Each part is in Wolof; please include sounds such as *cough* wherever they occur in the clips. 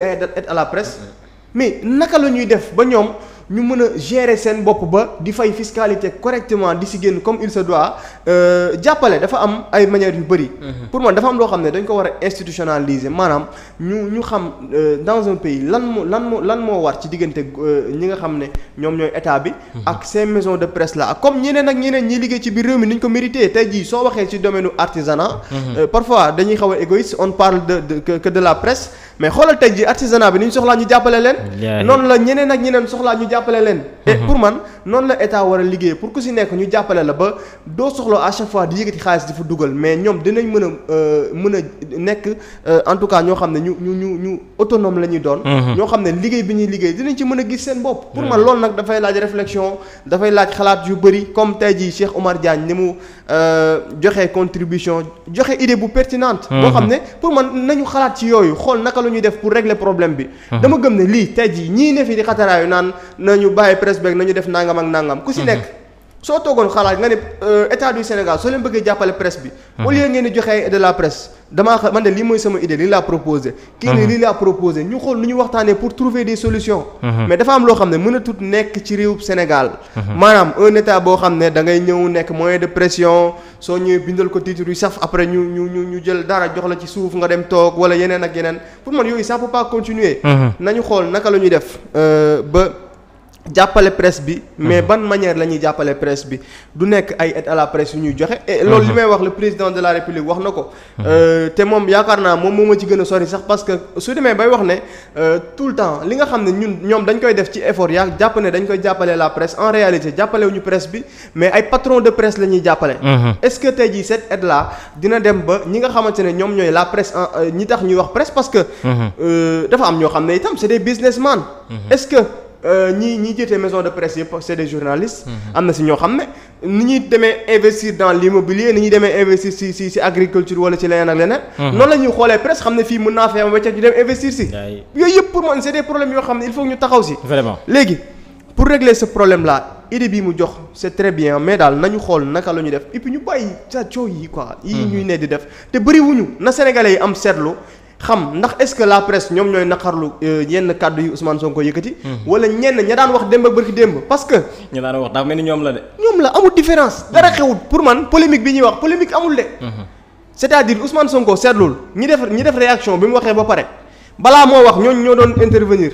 aide à la presse mm-hmm. mais naka la ñuy def ba ñoom ñu mën a seen bopp ba di fay fiscalité correctement di si génn comme il se doit euh, jàppale dafa am ay manières yu bëri. Mhm. pour man dafa am loo xam ne dañ ko war a institutionnaliser maanaam ñu ñu xam euh, dans un pays lan moo lan moo lan moo war ci diggante euh, ñi nga xam ne ñoom ñooy état bi. Mhm. ak ces maisons de presse là comme ñeneen ak ñeneen ñi liggéey ci biir réew mi ni ñu ko mérité tey jii soo waxee ci domaine artisanat. Mhm. parfois dañuy xaw a égoïste on parle de de que la presse mais xoolal tey jii artisanat jàppale leen. et mhm. pour man noonu la état war a liggéey pour ku si nekk ñu jàppale la ba doo soxla à chaque di yëkkati xaalis di fa dugal mais ñoom dinañ mën a euh, mën a nekk euh, en tout cas ñoo xam ne ñu ñu ñu ñu autonome la ñuy doon. Mhm. ñoo xam ne liggéey bi ñuy liggéey dinañ ci mën a gis seen bopp. pour mhm. man loolu nag dafay laaj réflexion dafay laaj xalaat yu bëri comme tey jii Cheikh Omar Diagne ni mu euh, joxe contribution joxe idée bu pertinente. moo xam ne pour man nañu xalaat ci yooyu xool naka la ñuy def pour régler problème bi. nañu bàyyi presse beeg nañu def nangam ak nangam. ku si mhm. nekk soo toogoon xalaat nga ne euh, état du Sénégal soo leen bëggee jàppale presse bi. au mhm. lieu ngeen di joxe de la presse damaa xam man de lii mooy sama idée lii laa proposé. kii nii mhm. lii laa proposé ñu xool nu waxtaanee pour trouver des solutions. mais dafa am loo xam ne mënatut nekk ci réew Sénégal. maanaam un état boo xam ne da ngay nekk moyen de pression soo ñëwee bindal ko titre saf après jàppale presse bi. Mhm. mais ban manière la ñuy jàppale presse bi du nekk ay aide à la presse yu ñuy joxe. et mhm. li may wax le président de la république wax na ko. Mhm. Euh, te moom yaakaar naa moom moom ma ci gën a sori sax parce que su demee bay wax ne euh, tout le temps li nga xam ne ñun ñoom dañ koy def ci effort yaa jàpp ne dañ koy jàppale la presse en réalité jàppale wu ñu presse bi mais ay patron de presse la ñuy jàppale. est-ce que tey jii cette aide dina dem ba ñi nga xamante ne ñooy la presse euh, ñi tax ñuy wax presse parce que. dafa am ñoo xam ne itam c'est Euh, ñi ñi jiite maison de presse yëpp c'est des journalistes. Mhm. am na si ñoo xam ne ni ñuy demee investir dans l'immobilier ni ñuy demee investir si si agriculture wala ci leneen ak leneen. Mhm. noonu la ñuy xoolee presse xam ne fii mën naa fee am wecc ñu dem investir si. yooyu yëpp pour man c'est des yoo xam ne il faut ñu taxaw si. vraiment léegi pour régler sa problème là. idée bii mu jox c'est très bien mais daal nañu xool naka la ñu def et puis ñu bàyyi sa coow yi quoi. yii mhm. di def te bëriwuñu na sénégalais yi am seetlu. xam ndax est-ce que la presse ñoom ñooy naqarlu euh, yenn kàddu yi Ousmane Sonko yëkkati. Mm-hmm. wala ñenn ña daan wax démb ak bërki démb parce que. ña daan wax dafa mel ni ñoom la de. ñoom la amul différence. Mm-hmm. dara xewul pour man polémique bi ñuy wax polémique amul de. Mm-hmm. c'est-à-dire Ousmane Sonko seetlul ñi def ñi def réaction bi mu waxee ba pare balaa moo wax ñooñu ñoo doon intervenir.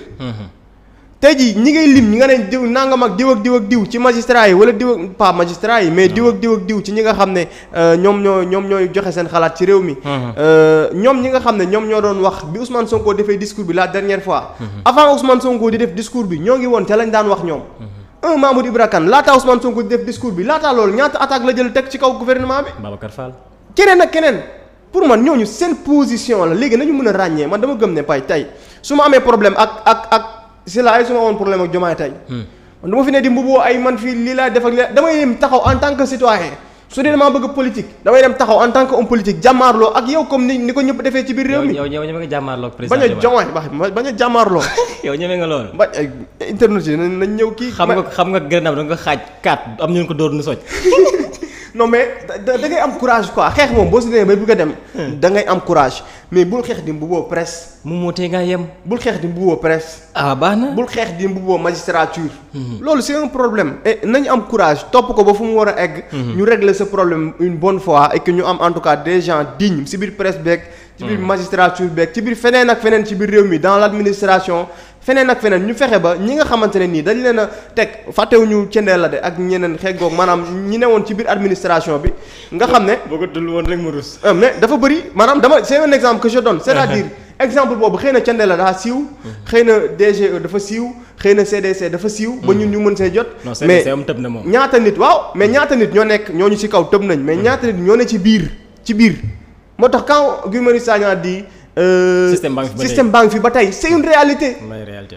tey jii ñi ngay lim ñi nga ne diw nangam ak diw ak diw ak diw ci magistrat yi wala diw ak pas magistrat yi mais diw ak diw ak diw ci ñi nga xam ne euh, ñoom ñoo ñoom ñooy joxe seen xalaat ci réew mi euh, ñoom ñi nga xam ne ñoom ñoo doon wax bi Ousmane Sonko defee discours bi la dernière fois avant Ousmane Sonko di def discours bi ñoo ngi woon ca lañ daan wax ñoom un Mamoudou Ibra Kane laataa Ousmane Sonko di def discours bi laataa loolu ñaata attaque la jël teg ci kaw gouvernement bi Babacar keneen ak keneen pour man ñooñu seen position la léegi nañu mën a ràññee man dama gëm ma amee si la yi su ma woon problème ak Diomaye tey hmm. man du ma fi ne di mbuboo ay man fii lii laa def ak lii damay dem taxaw en tant que citoyen su dee damaa bëgg politique damay dem taxaw en tant que homme politique jàmmaarloo ak yow comme ni ni ko ñëpp defee ci biir réew mi. yow yow ñeme nga jàmmaarloo ak président a jomaay *laughs* ñëw kii. xam nga xam nga Grenade da nga xaaj 4 am ñu ko dóor nu soj *laughs* non mais da ngay am courage quoi xeex moom boo si demee bay bëgg dem. Hmm. da ngay am courage mais bul xeex di mbubboo presse. mu moo tee nga yem. bul xeex di mbubboo presse. ah baax na bul xeex di mbubboo magistrature. Hmm. loolu c'est un problème. et nañu am courage topp ko ba fu mu war a egg. Hmm. ñu régler ce problème une bonne fois et ñu am en tout cas des gens dignes si biir presse beeg. ci biir magistrature beeg ci biir feneen ak feneen ci biir réew mi dans l'administration. feneen ak feneen ñu fexe ba ñi nga xamante ne nii dañ leen a teg fàttewuñu cendeel la de ak ñeneen xeeg goog maanaam ñi ne woon ci biir administration bi nga xam ne boo ko dul woon rek mu rus euh, mais dafa bëri maanaam dama c'est un exemple que je donne c'est-à-dire *laughs* exemple boobu xëy na cendeel la daa siiw xëy na DGE dafa siiw xëy na CDC dafa siiw ba ñu ñu mën see jot mais ñaata nit waaw mais ñaata nit ñoo nekk ñooñu ci kaw tëb nañ mais ñaata nit ñoo ne ci biir ci biir moo tax quand Guy Marius Sagna Euh, système baa ngi fi système baa ngi fi ba tey c'est une réalité.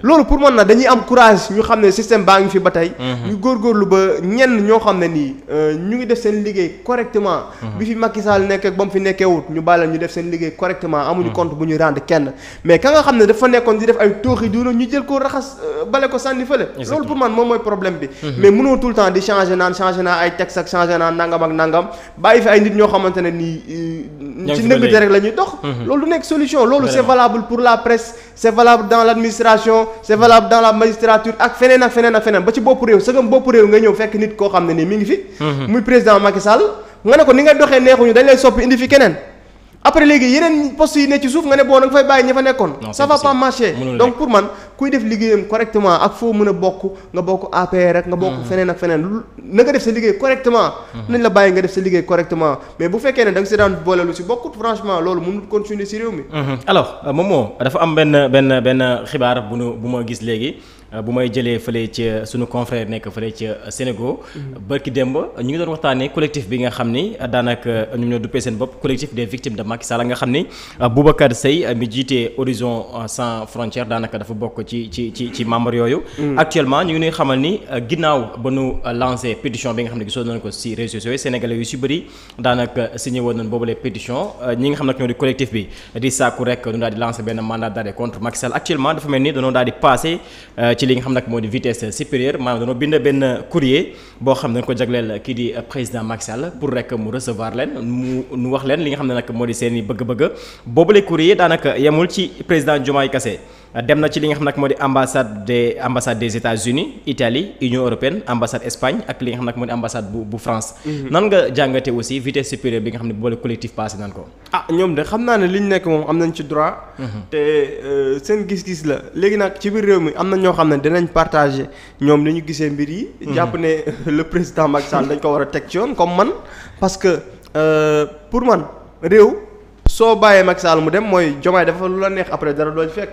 loolu pour man na dañuy am courage ñu xam ne système baa ngi fi ba tey. Mhm. ñu góorgóorlu ba ñenn ñoo xam ne nii euh, ñu ngi def seen liggéey correctement. Mhm. bi fi Macky Sall nekk ba mu fi nekkee wut ñu bàyyi ñu def seen liggéey correctement. amuñu mhm. compte bu ñu rendre kenn mais ka nga xam ne dafa nekkoon di def ay tooxi duuna ñu jël ko raxas euh, bale ko sànni fële. loolu pour man moom mooy problème bi. mais mënoo tout le temps di changer naan changer ay texte ak changer naa nangam ak nangam bàyyi fi ay nit ñoo xamante ne nii. ci nëbbite la ñuy dox loolu solution loolu c'est valable pour la presse c'est valable dans l'administration c'est valable dans la magistrature ak feneen ak feneen ak feneen ba ci bopp réew sëgam bopp réew nga ñëw fekk nit koo xam ne ni mi ngi fi mhm. muy président Macky Sall nga ne ko ni nga doxee neexuñu dañ lay soppi indi fi keneen après léegi yeneen poste yi ne ci suuf nga ne boo da nga fay bàyyi ña fa nekkoon ça va pas marcher donc pour man kuy def liggéeyam correctement ak foo mën a bokk nga bokk APR rek nga bokk hmm. feneen ak feneen na nga def sa liggéey correctement hmm. nañ la bàyyi nga def sa liggéey correctement mais bu fekkee ne da nga si daan boole lu si bokkut franchement loolu mënul continuer si réew mi hmm. alors euh, Momo dafa am benn benn benn xibaar bu nu bu ma gis léegi Euh, bu may jëlee fële ca sunu confrère nekk fële ca Sénégal. barki démb ñu ngi doon waxtaanee collectif bi nga xam ni daanaka ñu ñoo duppee seen bopp collectif des victimes de Macky Sall nga xam ni Boubacar Seye mi jiite Horizon sans frontières daanaka dafa bokk ci ci ci ci membre yooyu. Mm. actuellement ñu ngi ñuy ni ginnaaw ba nu lancé pétition bi nga xam ne gisoon nañu ko si réseaux sociaux sénégalais yu si bëri daanaka signé woon nañu boobule pétition ñi nga xam nag ñoo di collectif bi di sàkku rek ñu daal di lancé benn mandat d'arrêt contre Macky actuellement dafa mel ni dañoo daal di euh, ci li nga xam nag moo di vitesse supérieure maanaam dañoo bind benn courrier boo xam ne dañ ko jagleel kii di président Macky Sall pour rek mu recevoir leen mu nu wax leen li nga xam ne nag moo di seen i bëgg-bëgg boobule courrier daanaka yemul ci président Diomaye Kassé dem na ci li nga xam nag moo di ambassade des ambassade des États-Unis Italie Union européenne ambassade Espagne ak li nga xam nag moo di ambassade bu bu France. Mhm. nan nga jàngate aussi vitesse supérieure bi nga xam ne boole collectif passé nan ko. ah ñoom de xam naa ne li ñu nekk moom am nañ ci droit. Mhm. te euh, seen gis-gis la léegi nag ci biir réew mi am na ñoo xam ne dinañ partagé ñoom ni ñu gisee mbir yi. Mhm. jàpp ne euh, le président Macky Sall dañ ko war a teg ci yoon comme man parce que euh, pour man soo bàyyee mag Sall mu dem mooy Jomaay dafa lu la neex après dara doo ci fekk.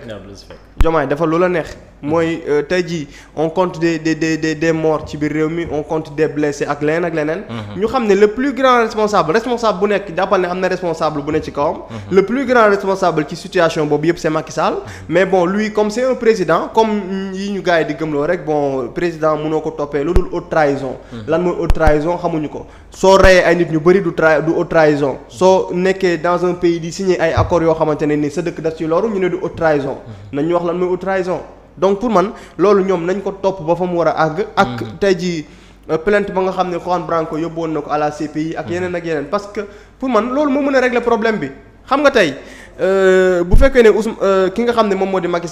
Jomaay dafa lu la neex. mooy euh, tey jii on compte de des des des morts ci biir réew mi on compte des blessés ak leneen ak leneen. Mhm. ñu xam ne le plus grand responsable responsable bu nekk jàppal ne am na responsable bu ne ci kawam. Mhm. le plus grand responsable ci situation boobu yëpp se Macky Sall. Mhm. mais bon lui comme c'est président comme yi ñu gars yi di gëmloo rek bon président munoo ko toppee lu dul haute traison lan mooy haute trahison xamuñu ko soo reyee ay nit ñu bëri du tra du haute traison soo nekkee dans un pays ay accords yoo xamante ne ni sa dëkk daf ci loru ñu ne ñu wax lan mooy haute donc pour man loolu ñoom nañ ko topp ba fa mu war a àgg. ak mhm. tey jii euh, plainte ba nga xam ne Juan Branco yóbbuwoon na ko à la CPI. ak mhm. yeneen ak yeneen parce que pour man loolu moo mën a régler problème bi xam nga tey euh, bu fekkee ne Ousmane euh, ki nga xam ne moom moo di Macky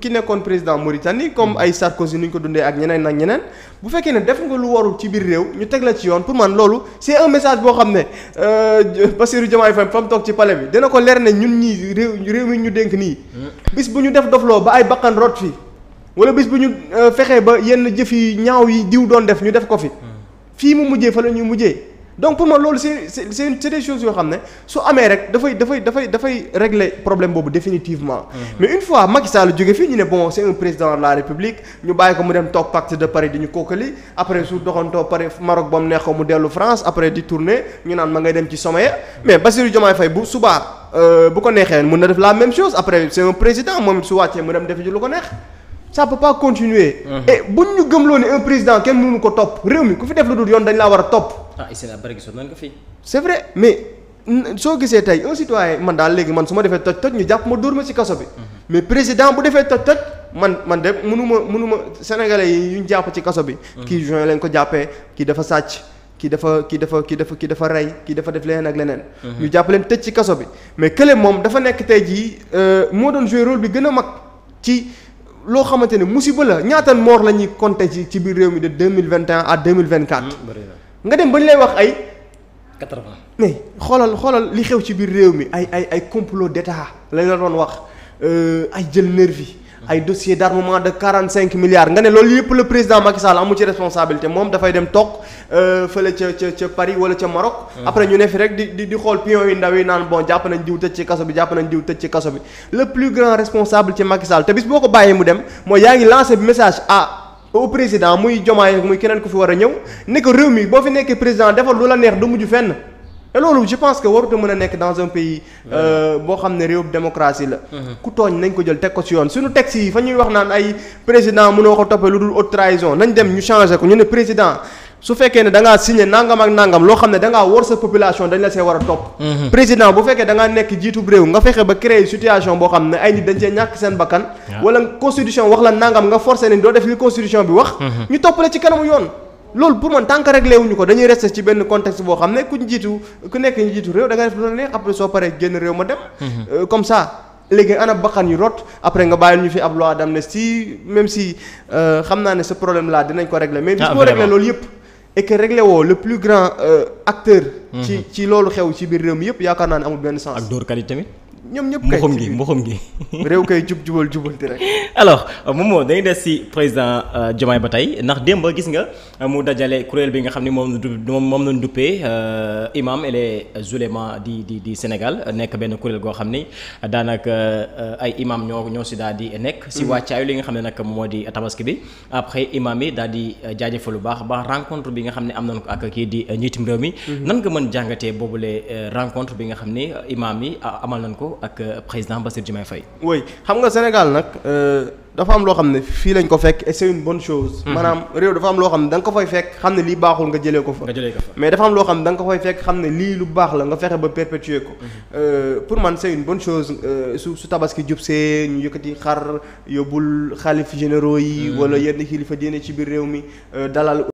ki nekkoon président Mauritanie comme mm. ay Sarkozy ni ñu ko dundee ak ñeneen ak ñeneen bu fekkee ne def nga lu warul ci biir réew ñu teg la ci yoon pour man loolu c'est un message boo xam ne euh, Bassirou Diomaye Faye fa mu toog ci pale bi dina ko leer ne ñun ñii réew réew mi ñu dénk nii. Mm. bis bu ñu def dofloo ba ay bakkan rot fi wala bis bu ñu euh, fexee ba yenn jëf yi ñaaw yi diw doon def ñu def ko fi. Mm. fii mu mujjee fa la mujjee. donc pour moi loolu c'est c'est c'est des choses yoo xam ne su amee rek dafay dafay dafay dafay régler problème boobu définitivement. Mm-hmm. mais une fois Macky Sall jóge fii ñu ne bon c'est un président la République ñu bàyyi ko mu dem toog pacte de Paris di ñu kookali après su doxantoo Paris Maroc ba neexoo mu dellu France après di tourner ñu naan ma ngay dem ci sommet mais Bassirou Diomaye Faye bu subaa euh, bu ko neexee mën na def la même chose après c'est un président moom su wàccee mu dem ko neex. Mm-hmm. ñu gëmloo ne un président kenn mënu ko topp réew mi ku fi def lu yoon dañ laa war a ah ISRA bari gisoon nañ ko fii. c'est vrai mais soo gisee tey un citoyen man daal léegi man su ma defee toj toj ñu jàpp ma dóor ma ci kaso bi. Mhm. mais président bu defee toj toj. man man de mënuma mënuma sénégalais yi yu ñu jàpp ci kaso bi. Mhm. kii juin lañ ko jàppee kii dafa sàcc. ki dafa ki dafa ki dafa ki dafa rey ki dafa def leneen ak leneen. Mhm. ñu jàpp leen tëj ci kaso bi. mais kële moom dafa nekk tey jii euh, moo doon joué rôle bi gën a mag ci loo xamante ne musiba la ñaata moor nga dem ba ñu lay wax ay. 80 xoolal xoolal li xew ci biir réew mi ay ay ay complot d'état lañ la doon wax euh, ay jël nervi ay dossier d'armement de 45 milliards nga ne loolu yépp le président Macky Sall amu ci responsabilité moom dafay dem toog euh, fële ca ca ca Paris wala ca Maroc. après ñu ne fi rek di di xool pion yu ndaw yi naan bon jàpp nañ diw tëj ci kaso bi jàpp nañ jiw tëj ci kaso bi le plus grand responsable ci Macky Sall te bis boo ko bàyyi mu dem mooy yaa au président muy jomaa Diomaye muy keneen ku fi war a ñëw ne ko réew mi boo fi nekkee président defal lu la neex du mujj fenn te loolu je pense que warut a mën a nekk dans un pays euh, boo xam ne réew démocratie la mmh. ku tooñ nañ ko jël teg ko si yoon suñu texte yi fa ñuy wax naan ay président mënoo ko toppee lu dul haute trahison nañ dem ñu changé ko ñu ne président su fekkee ne da ngaa signé nangam ak nangam loo xam ne da ngaa war sa population dañ la see war a topp. Mhm. président bu fekkee dangaa nekk jiitu réew nga fexe ba créer situation boo xam ne ay nit dañ cee ñàkk seen bakkan. wala constitution wax la nangam nga forcé ni doo def li constitution bi wax. Mhm. ñu toppale ci kanamu yoon. loolu pour man tant que réglé ko dañuy resté ci benn contexte boo xam ne ku jiitu ku nekk ñu jiitu réew da nga def lu neex après ma dem. Mhm. Euh, comme ça. léegi ana bakkan yu rot après nga bàyyil ñu fi ab loi d'amnistie même si euh, xam naa ne ce problème là dinañ ko régler mais bis ah, boo loolu yëpp et que woo le plus grand euh, acteur. ci mm-hmm. ci loolu xew ci biir réew mi yëpp yaakaar naa ne amul benn sens. ak dóorkat yi tamit. ñoom ñëpp kay mboxum gi mboxum gi. *laughs* réew kay jub jubal jubanti rek. alors moom euh, moo dañuy des ci président euh, Diomaye ba tey ndax démb gis nga euh, mu dajale kuréel bi nga xam ne moom moom lañ duppee imam et les di di di Sénégal nekk benn kuréel goo xam ni daanaka ay imam ñoo ñoo ci daal di nekk. ci mm. wàccaayu li nga xam ne nag moo di tabaski bi après imaam yi daal di jaajëfal lu baax ba rencontre bi nga xam ne am nañ ko ak kii di njiitum réew mi. Mm-hmm. nan nga mën jàngatee boobu boobule rencontre bi nga xam ni imaam yi amal nañ ko. ak euh, président Bassirou Diomaye Faye. oui xam nga Sénégal nag euh, dafa am loo xam ne fii lañ ko fekk et c'est une bonne chose. Mhm. maanaam réew dafa loo xam ne da nga ko fay fekk xam ne lii baaxul nga jëlee ko fa. nga jëlee ko fa mais am loo xam ne da nga ko fay fekk xam ne lii lu baax la nga fexe ba perpétuer ko. Mhm. Euh, pour man se une bonne chose su su tabaski jub see ñu yëkkati xar yóbbul xalif généraux yi. Mhm. wala yenn kilifa diine ci biir réew mi dalal.